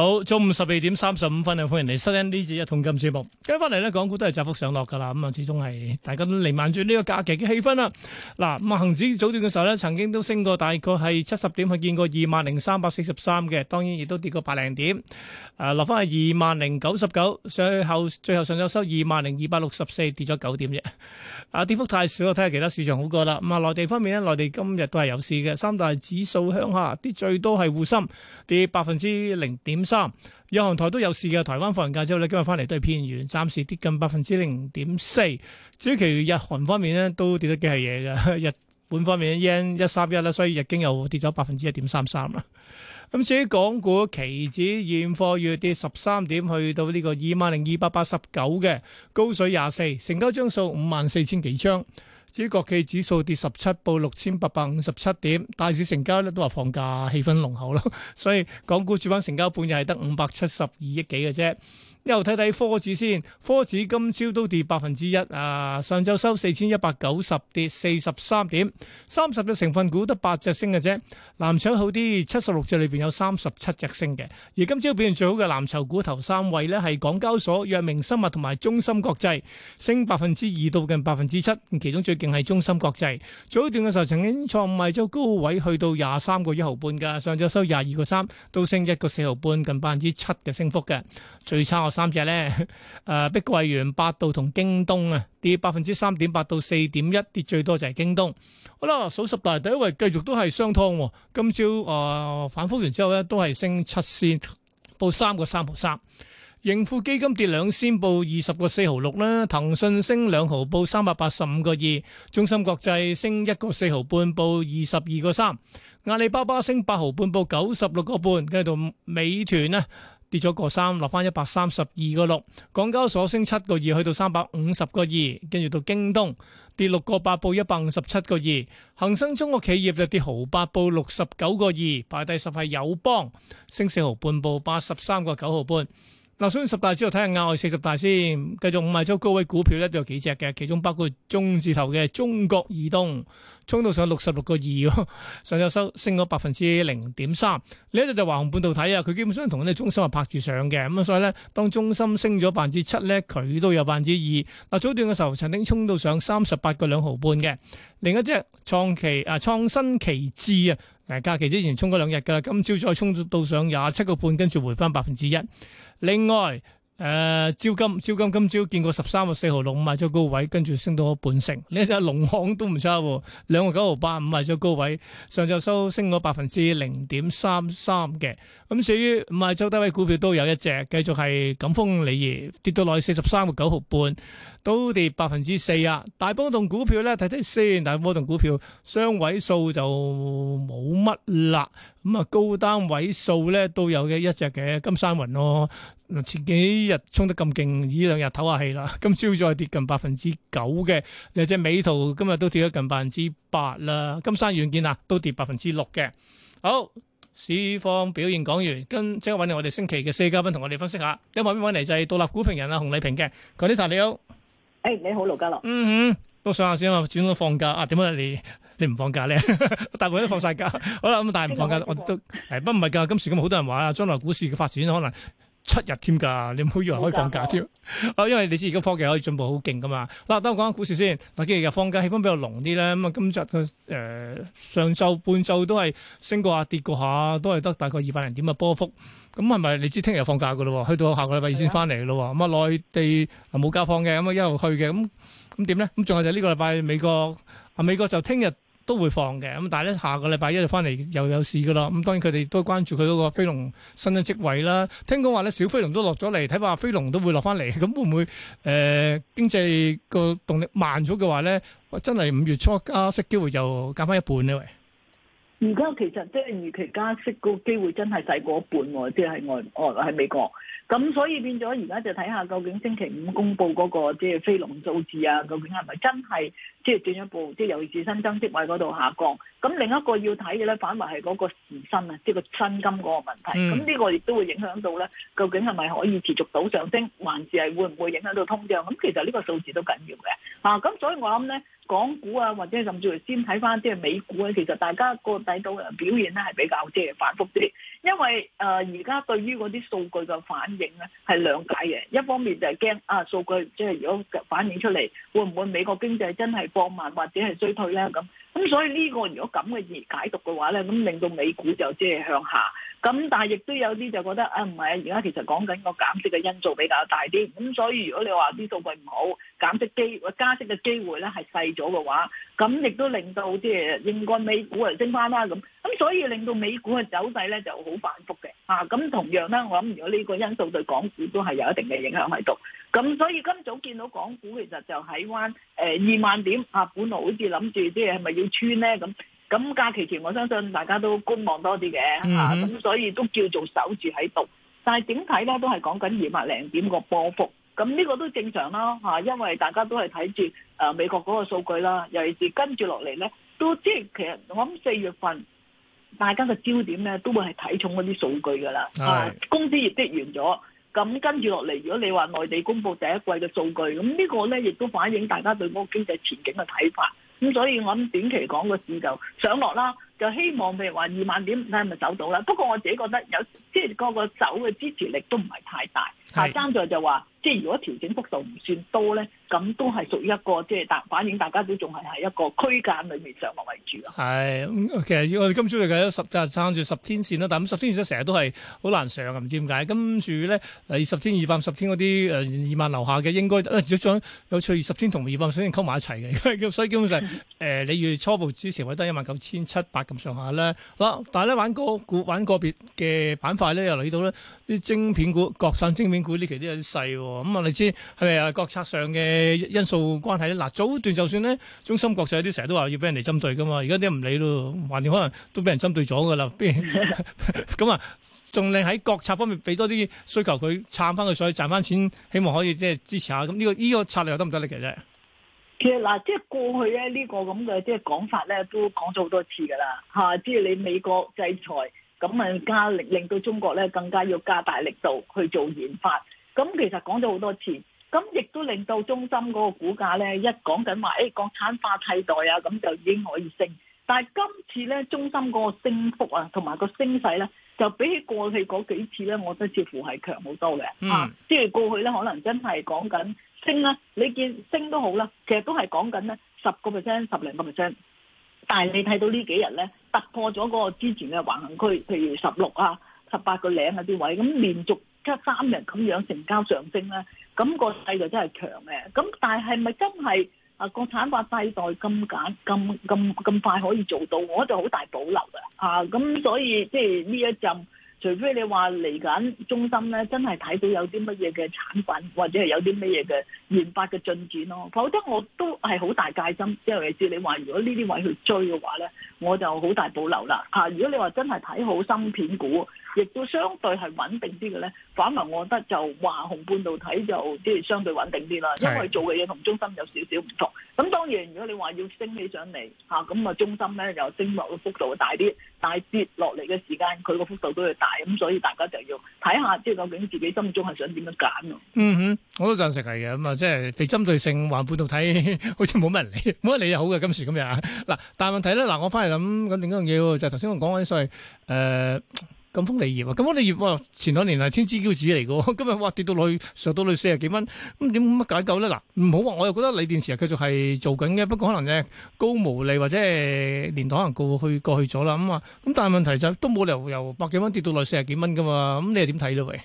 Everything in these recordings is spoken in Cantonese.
好，中午十二點三十五分，歡迎嚟收聽呢節一桶金節目。跟翻嚟咧，港股都係窄幅上落噶啦。咁啊，始終係大家都彌漫住呢個假期嘅氣氛啦。嗱，咁啊，恒指早段嘅時候咧，曾經都升過大概係七十點，去見過二萬零三百四十三嘅。當然亦都跌過百零點。誒，落翻去二萬零九十九，最後最後上咗收二萬零二百六十四，跌咗九點啫。啊，跌幅太少，我睇下其他市場好過啦。咁啊，內地方面咧，內地今日都係有市嘅，三大指數向下跌，最多係滬深跌百分之零點。三日韓台都有事嘅，台灣放完假之後咧，今日翻嚟都係偏軟，暫時跌近百分之零點四。至於其餘日韓方面咧，都跌得幾係嘢嘅。日本方面嘅日圓一三一啦，所以日經又跌咗百分之一點三三啦。咁至於港股期指現貨月跌十三點，去到呢個二萬零二百八十九嘅高水廿四，成交張數五萬四千幾張。主要國企指數跌十七，報六千八百五十七點。大市成交咧都話放假氣氛濃厚咯， 所以港股主板成交半日係得五百七十二億幾嘅啫。又睇睇科指先，科指今朝都跌百分之一啊！上晝收四千一百九十，跌四十三點。三十隻成分股得八隻升嘅啫。藍籌好啲，七十六隻裏邊有三十七隻升嘅。而今朝表現最好嘅藍籌股頭三位呢，係港交所、藥明生物同埋中芯國際，升百分之二到近百分之七。其中最勁，，係中芯國際早段嘅時候曾經創賣咗高位去到廿三個一毫半嘅，上晝收廿二個三，都升一個四毫半，近百分之七嘅升幅嘅。最差我三隻咧，誒、呃、碧桂園、百度同京東啊，跌百分之三點八到四點一，跌最多就係京東。好啦，數十大第一位繼續都係商湯，今朝誒、呃、反覆完之後咧，都係升七仙，報三個三毫三。盈富基金跌兩仙，報二十個四毫六啦。騰訊升兩毫，報三百八十五個二。中芯國際升一個四毫半，報二十二個三。阿里巴巴升八毫半，報九十六個半。跟住到美團呢跌咗個三，落翻一百三十二個六。港交所升七個二，去到三百五十個二。跟住到京東跌六個八，報一百五十七個二。恒生中國企業就跌毫八，報六十九個二，排第十係友邦，升四毫半，報八十三個九毫半。嗱，上十大之後睇下額外四十大先，繼續五米周高位股票咧，都有幾隻嘅，其中包括中字頭嘅中國移動，衝到上六十六個二，上日收升咗百分之零點三。呢一隻就華虹半導體啊，佢基本上同嗰啲中心係拍住上嘅。咁啊所以咧，當中心升咗百分之七咧，佢都有百分之二。嗱，早段嘅時候，曾經衝到上三十八個兩毫半嘅，另一隻創期啊，創新期指啊。誒假期之前衝咗兩日㗎啦，今朝再衝到上廿七個半，跟住回翻百分之一。另外。誒，招金、呃，招金今，今，今朝見過 6, 十三個四毫六五賣咗高位，跟住升到一半成。呢隻農行都唔差喎，兩個九毫八五賣咗高位，上晝收升咗百分之零點三三嘅。咁至於賣咗低位股票都有一隻，繼續係錦豐理業跌到落去四十三個九毫半，都跌百分之四啊。大波動股票咧睇睇先，大波動股票雙位數就冇乜啦。咁啊高單位數咧都有嘅一隻嘅金山雲咯。哦，嗱前幾日衝得咁勁，呢兩日唞下氣啦，今朝再跌近百分之九嘅。又隻美圖今日都跌咗近百分之八啦，金山軟件啊都跌百分之六嘅。好，市況表現講完，跟即刻揾嚟我哋星期嘅四嘉賓同我哋分析下。今日邊位嚟就係獨立股評人啊熊麗萍嘅。嗰啲壇，你好，誒、哎、你好盧家樂，嗯嗯，都想下先啊，始終放假啊，點啊你？你唔放假咧？ 大部分都放晒假。 好啦，咁但係唔放假， 我哋都誒，不唔係㗎。今時咁好多人話啊，將來股市嘅發展可能七日添㗎。你唔好以為可以放假添？啊， 因為你知而家科技可以進步好勁㗎嘛。嗱，等我講下股市先。嗱，今日放假氣氛比較濃啲咧。咁啊，今日嘅、呃、上晝半晝都係升過下跌過下，都係得大概二百零點嘅波幅。咁係咪？你知聽日放假㗎咯？去到下個禮拜二先翻嚟㗎咯。咁啊的，內地冇假放嘅，咁啊一路去嘅。咁咁點咧？咁仲有就呢個禮拜美國啊，美國就聽日。都會放嘅，咁但係咧，下個禮拜一就翻嚟又有事噶啦。咁當然佢哋都關注佢嗰個飛龍新嘅職位啦。聽講話咧，小飛龍都落咗嚟，睇怕飛龍都會落翻嚟。咁會唔會誒經濟個動力慢咗嘅話咧，真係五月初加息機會又減翻一半咧？喂，而家其實即係預期加息個機會真係細過一半，即係外外喺美國。咁所以變咗而家就睇下究竟星期五公布嗰個即係飛龍數字啊，究竟係咪真係？即係進一步，即係尤其是新增職位嗰度下降。咁另一個要睇嘅咧，反而係嗰個時薪啊，即係個薪金嗰個問題。咁呢、mm. 個亦都會影響到咧，究竟係咪可以持續到上升，還是係會唔會影響到通脹？咁其實呢個數字都緊要嘅。啊，咁所以我諗咧，港股啊，或者甚至乎先睇翻即係美股咧、啊，其實大家個睇到嘅表現咧係比較即係反覆啲，因為誒而家對於嗰啲數據嘅反應咧係兩解嘅。一方面就係驚啊，數據即係如果反映出嚟，會唔會美國經濟真係？放慢或者係衰退咧咁，咁所以呢個如果咁嘅解解讀嘅話咧，咁令到美股就即係向下，咁但係亦都有啲就覺得啊唔係，而家其實講緊個減息嘅因素比較大啲，咁所以如果你話啲數據唔好，減息機加息嘅機會咧係細咗嘅話，咁亦都令到即係應該美股係升翻啦咁，咁所以令到美股嘅走勢咧就好反覆嘅。啊，咁同樣咧，我諗如果呢個因素對港股都係有一定嘅影響喺度，咁所以今早見到港股其實就喺翻誒二萬點，啊，本來好似諗住即係係咪要穿咧咁，咁假期前我相信大家都觀望多啲嘅，嚇，咁所以都叫做守住喺度，但係整體咧都係講緊二萬零點個波幅，咁呢個都正常啦，嚇，因為大家都係睇住誒美國嗰個數據啦，尤其是跟住落嚟咧，都即係其實我諗四月份。大家嘅焦點咧，都會係睇重嗰啲數據㗎啦。是啊，公司業績完咗，咁跟住落嚟，如果你話內地公布第一季嘅數據，咁呢個咧亦都反映大家對嗰個經濟前景嘅睇法。咁所以我諗短期講個市就上落啦，就希望譬如話二萬點睇下係咪走到啦。不過我自己覺得有即係嗰個走嘅支持力都唔係太大。啊，爭在就話。即係如果調整幅度唔算多咧，咁都係屬於一個即係大反映大家都仲係喺一個區間裏面上落為主咯，啊。係，其、OK, 實我哋今朝嚟緊有十撐住十天線啦，但係十天線成日都係好難上，唔知點解。跟住咧，二十天、二百、十天嗰啲誒二萬樓下嘅應該，想、呃、有趣。二十天同二百十天溝埋一齊嘅， 所以基本上誒、呃、你要初步支持位得一萬九千七百咁上下咧。嗱，但係咧玩個股、玩個別嘅板塊咧又嚟到咧啲晶片股、國產晶片股呢期都有啲細。咁啊，你知係咪啊？國策上嘅因素關係咧，嗱早段就算咧，中芯國際有啲成日都話要俾人嚟針對噶嘛，而家啲唔理咯，橫掂可能都俾人針對咗噶啦。咁啊，仲令喺國策方面俾多啲需求佢撐翻佢，所以賺翻錢，希望可以即係支持下。咁呢個呢個策略得唔得咧？其實，其實嗱，即係過去咧呢個咁嘅即係講法咧，都講咗好多次噶啦嚇。即係你美國制裁，咁啊加令令到中國咧更加要加大力度去做研發。咁其實講咗好多次，咁亦都令到中心嗰個股價咧，一講緊話，誒、欸、國產化替代啊，咁就已經可以升。但係今次咧，中心嗰個升幅啊，同埋個升勢咧，就比起過去嗰幾次咧，我覺得似乎係強好多嘅。嗯、啊，即係過去咧，可能真係講緊升啦，你見升都好啦，其實都係講緊咧十個 percent 十零個 percent，但係你睇到呢幾日咧，突破咗嗰個之前嘅橫行區，譬如十六啊、十八個零啊啲位，咁連續。加三日咁樣成交上升咧，咁個勢就真係強嘅。咁但係係咪真係啊國產化替代咁簡咁咁咁快可以做到？我就好大保留嘅啊。咁所以即係呢一陣，除非你話嚟緊中心咧，真係睇到有啲乜嘢嘅產品，或者係有啲乜嘢嘅研發嘅進展咯。否則我都係好大戒心。即係你知你話，如果呢啲位去追嘅話咧，我就好大保留啦。嚇！如果你話真係睇好芯片股。亦都相對係穩定啲嘅咧，反而我覺得就華虹半導體就即係相對穩定啲啦，因為做嘅嘢同中心有少少唔同。咁當然，如果你話要升起上嚟嚇，咁啊中心咧又升落個幅度會大啲，但係跌落嚟嘅時間佢個幅度都會大，咁所以大家就要睇下即係究竟自己心中係想點樣揀咯。嗯哼，我都贊成係嘅，咁啊即係啲針對性華虹半導體好似冇乜人理，冇乜理就好嘅。今時今日啊，嗱，但係問題咧，嗱，我翻嚟諗緊另一樣嘢，就係頭先我講嗰啲所謂誒。贛鋒鋰業啊，咁我哋月哇前兩年係天之驕子嚟嘅，今日哇跌到落去上到落去四十幾蚊，咁點乜解救咧？嗱，唔好話我又覺得鋰電池啊繼續係做緊嘅，不過可能咧高毛利或者係年代可能過去過去咗啦，咁啊，咁但係問題就都冇理由由百幾蚊跌到落四十幾蚊噶嘛，咁你係點睇咧？喂，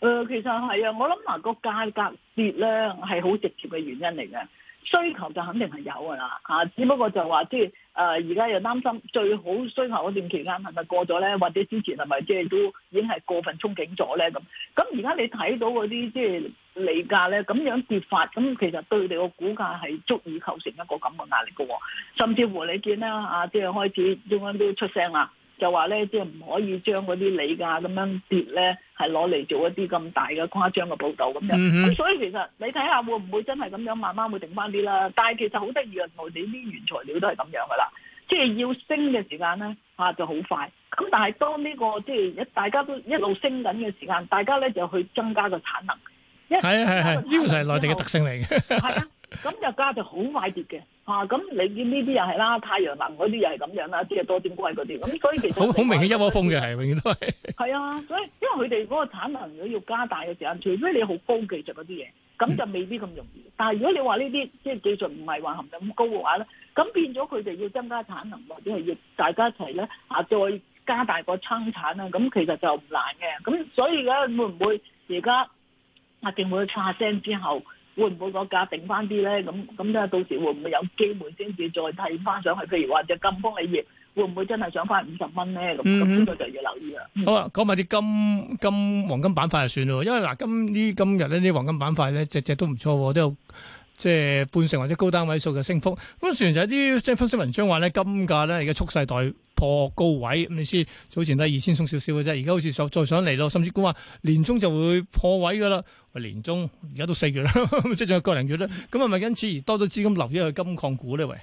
誒，其實係啊，我諗埋個價格跌咧係好直接嘅原因嚟嘅。需求就肯定係有㗎啦，嚇！只不過就話即係誒，呃、而家又擔心最好需求嗰段期間係咪過咗咧？或者之前係咪即係都已經係過分憧憬咗咧？咁咁而家你睇到嗰啲即係理價咧，咁樣跌法，咁其實對你個股價係足以構成一個咁嘅壓力嘅，哦，甚至乎你見啦啊，即係開始中央都出聲啦。就話咧，即係唔可以將嗰啲你價咁樣跌咧，係攞嚟做一啲咁大嘅誇張嘅報導咁樣。咁、嗯、哼所，所以其實你睇下會唔會真係咁樣慢慢會定翻啲啦？但係其實好得意啊，內地啲原材料都係咁樣噶啦，即係要升嘅時間咧嚇就好快。咁但係當呢、呢個即係一大家都一路升緊嘅時間，大家咧就去增加個產能。係係係呢個就係內地嘅特性嚟嘅。 咁就加就好快跌嘅吓，咁、啊、你見呢啲又係啦，太陽能嗰啲又係咁樣啦，即啲多晶硅嗰啲，咁所以其實好好明顯一窩蜂嘅，係永遠都係係啊，所以因為佢哋嗰個產能如果要加大嘅時間，除非你好高技術嗰啲嘢，咁就未必咁容易。但係如果你話呢啲即係技術唔係話含量咁高嘅話咧，咁變咗佢哋要增加產能或者係要大家一齊咧啊，再加大個生產啊，咁其實就唔難嘅。咁所以咧會唔會而家啊定會出下聲之後？會唔會個價定翻啲咧？咁咁咧，到時會唔會有機會先至再睇翻上去？譬如話隻金豐利業，會唔會真係上翻五十蚊咧？咁咁，呢個就要留意啦。好啦，講埋啲金金黃金板塊就算咯，因為嗱，今呢今日咧，啲黃金板塊咧，只只都唔錯，都有即係半成或者高單位數嘅升幅。咁雖然有啲即係分析文章話咧，金價咧而家蓄勢待。破高位咁，你知早前都係二千送少少嘅啫，而家好似上再上嚟咯，甚至估話年中就會破位噶啦。喂，年中而家都四月啦，即仲有個零月啦。咁係咪因此而多咗資金流咗去金礦股呢？喂，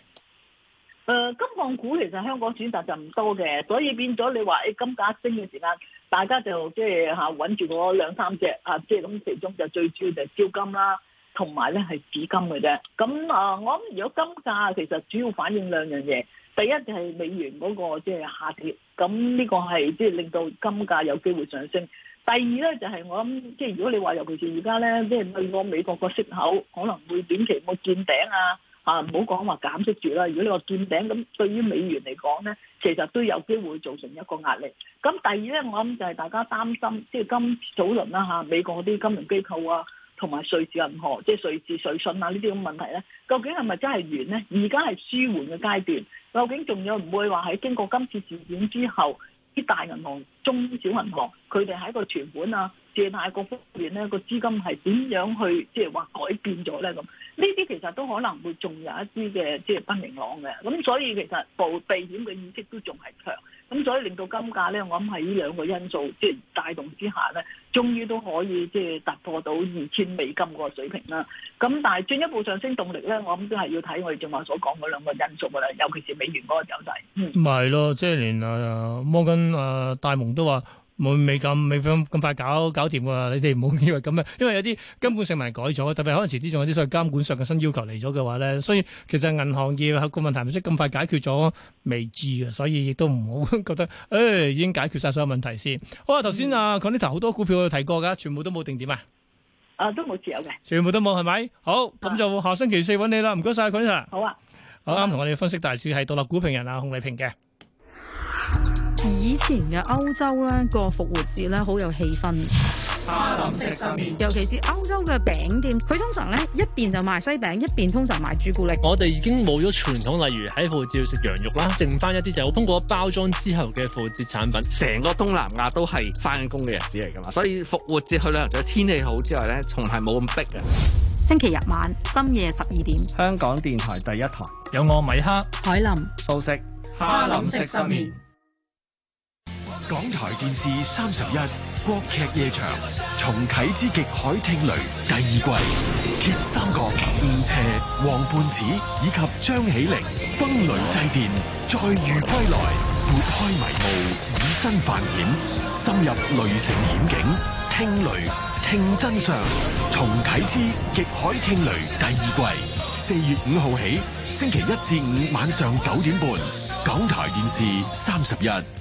誒，金礦股其實香港選擇就唔多嘅，所以變咗你話誒金價升嘅時間，大家就即係吓揾住嗰兩三隻啊，即係咁其中就最主要就係招金啦。同埋咧係紙金嘅啫，咁啊，我諗如果金價其實主要反映兩樣嘢，第一就係美元嗰個即係下跌，咁呢個係即係令到金價有機會上升。第二咧就係我諗，即係如果你話尤其是而家咧，即係對個美國個息口可能會短期冇見頂啊，啊唔好講話減息住啦。如果你話見頂咁，對於美元嚟講咧，其實都有機會造成一個壓力。咁第二咧，我諗就係大家擔心，即係今早輪啦嚇，美國嗰啲金融機構啊。同埋瑞士銀行，即係瑞士瑞信啊！呢啲咁問題咧，究竟係咪真係完咧？而家係舒緩嘅階段，究竟仲有唔會話喺經過今次事件之後，啲大銀行、中小銀行，佢哋喺一個存款啊、借貸各方面咧，個資金係點樣去即係話改變咗咧？咁呢啲其實都可能會仲有一啲嘅即係不明朗嘅，咁所以其實部避險嘅意識都仲係強。咁所以令到金價咧，我諗喺呢兩個因素即係帶動之下咧，終於都可以即係突破到二千美金個水平啦。咁但係進一步上升動力咧，我諗都係要睇我哋正話所講嗰兩個因素噶啦，尤其是美元嗰個走勢。唔係咯，即係連啊摩根啊大蒙都話。冇未咁未咁快搞搞掂喎！你哋唔好以為咁啊，因為有啲根本性咪改咗，特別可能遲啲仲有啲所謂監管上嘅新要求嚟咗嘅話咧，所以其實銀行業個問題唔知咁快解決咗未知嘅，所以亦都唔好覺得誒、哎、已經解決晒所有問題先。好啊，頭先啊講呢頭好多股票我有提過嘅，全部都冇定點啊？啊，都冇自由嘅，全部都冇係咪？好，咁、啊、就下星期四揾你啦。唔該晒佢 sir。啊好啊。啱啱同我哋分析大市係獨立股評人啊，洪麗萍嘅。以前嘅歐洲咧，個復活節咧好有氣氛，哈林食失眠，尤其是歐洲嘅餅店，佢通常咧一邊就賣西餅，一邊通常賣朱古力。我哋已經冇咗傳統，例如喺復活節要食羊肉啦，剩翻一啲就通過包裝之後嘅復活節產品。成個東南亞都係翻工嘅日子嚟噶嘛，所以復活節去旅遊除咗天氣好之外咧，仲係冇咁逼啊。星期日晚深夜十二點，香港電台第一台有我米克、海林、素食、哈林食失眠。港台電視三十一國劇夜場重啟之極海聽雷第二季，鐵三角吳邪、王胖子以及張起靈，風雷祭電，再遇歸來，撥開迷霧，以身犯險，深入雷城險境，聽雷，聽真相。重啟之極海聽雷第二季，四月五號起，星期一至五晚上九點半，港台電視三十一。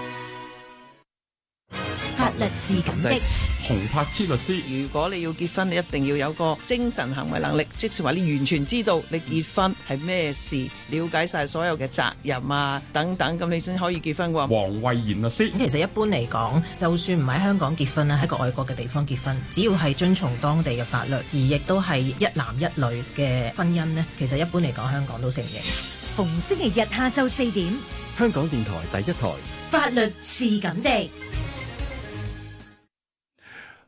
力是咁的，洪柏堅律師，如果你要結婚，你一定要有個精神行為能力，即是話你完全知道你結婚係咩事，了解晒所有嘅責任啊等等，咁你先可以結婚嘅。黃慧賢律師，其實一般嚟講，就算唔喺香港結婚啊，喺個外國嘅地方結婚，只要係遵從當地嘅法律，而亦都係一男一女嘅婚姻呢，其實一般嚟講，香港都承認。逢星期日下晝四點，香港電台第一台，法律是咁的。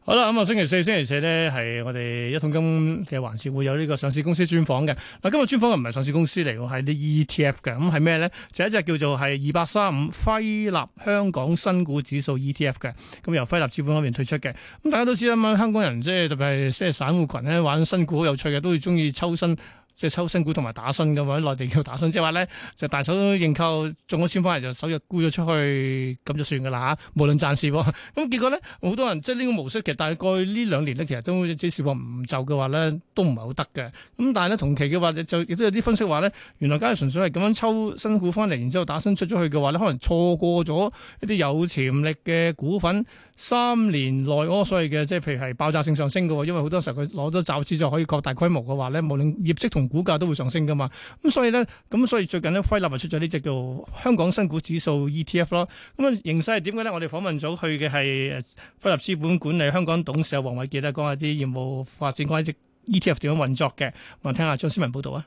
好啦，咁啊星期四、星期四咧，係我哋一桶金嘅環節會有呢個上市公司專訪嘅。嗱，今日專訪嘅唔係上市公司嚟，嘅係啲 ETF 嘅。咁係咩咧？就係、一隻叫做係二八三五輝立香港新股指數 ETF 嘅。咁由輝立資本嗰邊推出嘅。咁大家都知啦，咁香港人即係特別係啲散戶群咧，玩新股好有趣嘅，都會中意抽新。即係抽新股同埋打新㗎嘛，內地叫打新，即係話咧就大手都認購中咗簽翻嚟，就首日沽咗出去咁就算噶啦吓。無論賺市，咁結果咧好多人即係呢個模式，其實大概呢兩年咧，其實都即使話唔就嘅話咧，都唔係好得嘅。咁但係咧同期嘅話就亦都有啲分析話咧，原來梗係純粹係咁樣抽新股翻嚟，然之後打新出咗去嘅話咧，可能錯過咗一啲有潛力嘅股份。三年內窩所謂嘅，即係譬如係爆炸性上升嘅，因為好多時候佢攞咗集資就可以擴大規模嘅話咧，無論業績同股價都會上升噶嘛。咁所以咧，咁所以最近咧，輝立咪出咗呢隻叫香港新股指數 ETF 咯。咁啊，形勢係點嘅咧？我哋訪問組去嘅係輝立資本管理香港董事黃偉傑咧，講下啲業務發展關係 ETF 點樣運作嘅。我聽下張思文報道啊。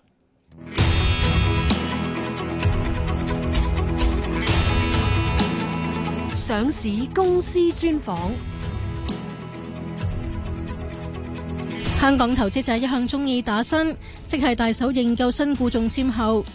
上市公司專訪。香港投資者一向鍾意打新，即係大手認購新股中簽後。